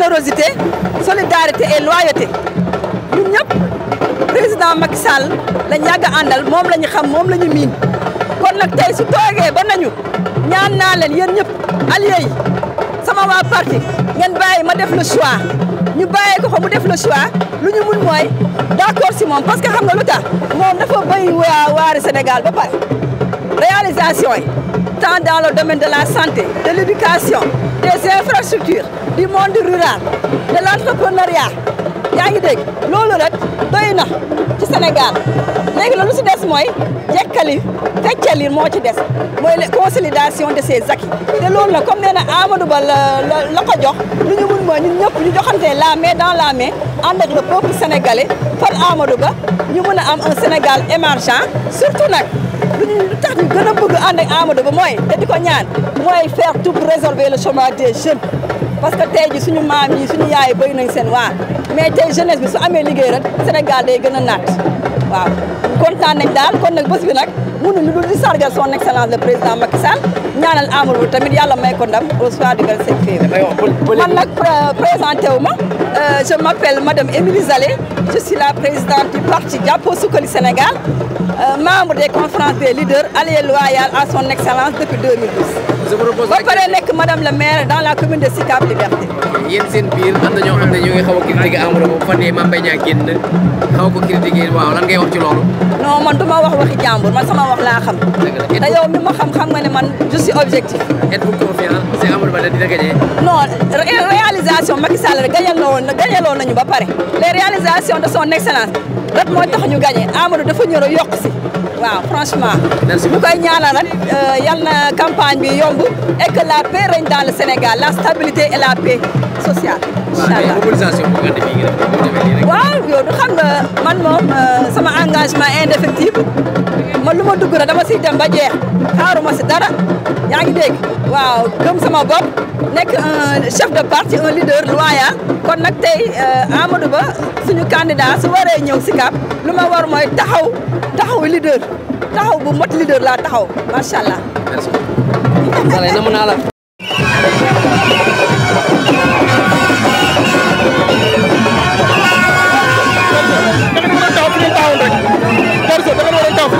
générosité solidarité et loyauté ñun ñëpp président Macky Sall lañ yàgg a àndal moom la ñu xam moom la miin kon nag tey su toogee ba nañu ñaan naa leen yéen ñëpp allié yi sama waa parti ngeen bàyyi ma def le choix ñu bàyyi ko ko mu def le choix lu ñu mun mooy d'accord si moom parce que xam nga lu moom dafa béy waa Sénégal ba pare réalisation yi tant dans le domaine de la santé, de l'éducation, des infrastructures, du monde rural, de l'entrepreneuriat. yaa ngi dégg loolu rek doy na ci Sénégal léegi loolu si des mooy jekkali feccali moo ci des mooy la consolidation de ces acquis te loolu nag comme nee Amadou Ba la la jox lu ñu mun mooy ñun ñëpp ñu joxante la main dans la main ànd ak le peuple sénégalais par Amadou Ba ñu mën a am un Sénégal émergent surtout nag. bi ñu tax ñu gën a bëgg ànd ak Amadou Ba mooy te di ko ñaan mooy faire tout pour résolver le chômage des jeunes parce que tey ji suñu maam yi suñu yaay béy nañ seen waar mais tey jeunesse bi su amee liggéey rek Sénégal day gën a naat waaw kontaan nañ daal kon nag bés bi nag mënu lu dul di sargal son excellence le président Macky Sall ñaanal Amadou tamit yàlla may ko ndam au soir du 25 février man nag présenté wu ma euh, je m'appelle madame Émilie Zalé je suis la présidente du parti Jàppo Sukkali Sénégal euh, membre des conférences des leaders allié loyal à son excellence depuis 2012. ba pare nekk madame la maire dans la commune de Sicap Liberté. yéen seen biir am na ñoo xam ne ñu ngi xaw a critiqué Amadou Ba bu fa nee Mame Mbaye Niang génn xaw ko critiqué waaw lan ngay wax ci loolu. non man du ma wax waxi jàmbur man sama wax laa xam. te yow mi ma xam xam nga ne man je suis objectif. êtes-vous confiant si Amadou Ba la dina gagné. non réalisation Macky Sall rek gagné woon na gagné woon nañu ba pare les réalisations. de son excellence rek mooy tax ñu gagné Amadou dafa ñëw yokk si waaw franchement. bu koy ñaanal rek euh, yal na bi yomb et la paix règne dans le Sénégal la stabilité et la paix sociale. incha waaw yow du xam man moom euh, sama engagement indéfectible. man lu ma dugg rek dama siy dem ba jeex xaaruma si dara yaa ngi dégg waaw gëm sama bopp nekk chef de parti un leader loyal kon nag tey euh, Amadou Ba suñu candidat waree ñëw si Sicap lu ma war mooy taxaw taxaw leader taxaw bu mot leader laa taxaw macha allah. merci. Let's go.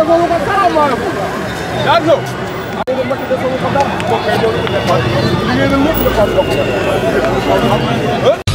defalu ko dara maanaam daan ñëw. waaye nag Macky defalu ko dara. moom kay ñëw ñu ngi leen di